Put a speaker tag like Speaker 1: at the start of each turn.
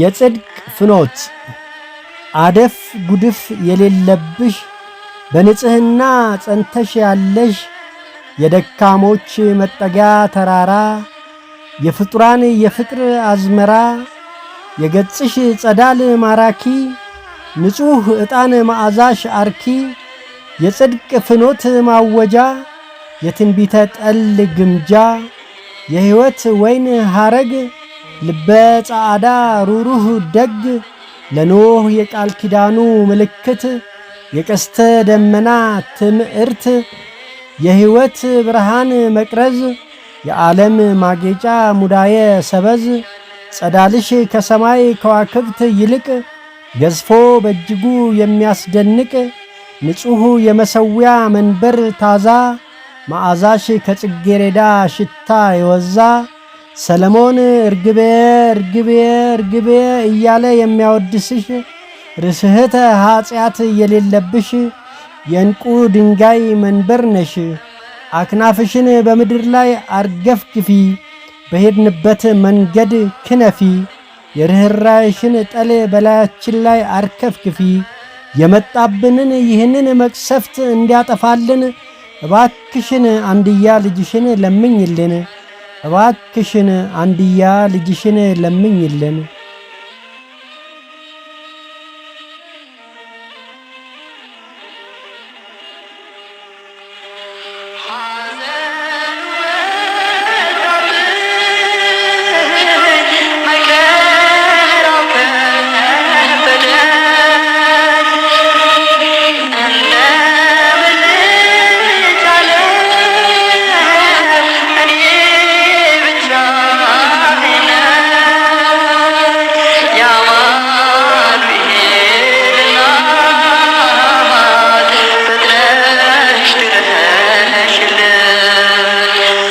Speaker 1: የጽድቅ ፍኖት አደፍ ጉድፍ የሌለብሽ በንጽሕና ጸንተሽ ያለሽ የደካሞች መጠጊያ ተራራ የፍጡራን የፍቅር አዝመራ የገጽሽ ጸዳል ማራኪ ንጹሕ ዕጣን መዓዛሽ አርኪ የጽድቅ ፍኖት ማወጃ የትንቢተ ጠል ግምጃ የሕይወት ወይን ሐረግ ልበ ጻዕዳ ሩሩህ ደግ ለኖኅ የቃል ኪዳኑ ምልክት የቀስተ ደመና ትምዕርት የሕይወት ብርሃን መቅረዝ የዓለም ማጌጫ ሙዳየ ሰበዝ ጸዳልሽ ከሰማይ ከዋክብት ይልቅ ገዝፎ በእጅጉ የሚያስደንቅ ንጹሕ የመሠዊያ መንበር ታዛ መዓዛሽ ከጽጌሬዳ ሽታ የወዛ ሰለሞን እርግቤ እርግቤ እርግቤ እያለ የሚያወድስሽ ርስህተ ኀጢአት የሌለብሽ የእንቁ ድንጋይ መንበር ነሽ። አክናፍሽን በምድር ላይ ግፊ፣ በሄድንበት መንገድ ክነፊ። የርኅራሽን ጠል በላያችን ላይ ግፊ። የመጣብንን ይህንን መቅሰፍት እንዲያጠፋልን እባክሽን አንድያ ልጅሽን ለምኝልን። እባክሽን አንድያ ልጅሽን ለምኝልን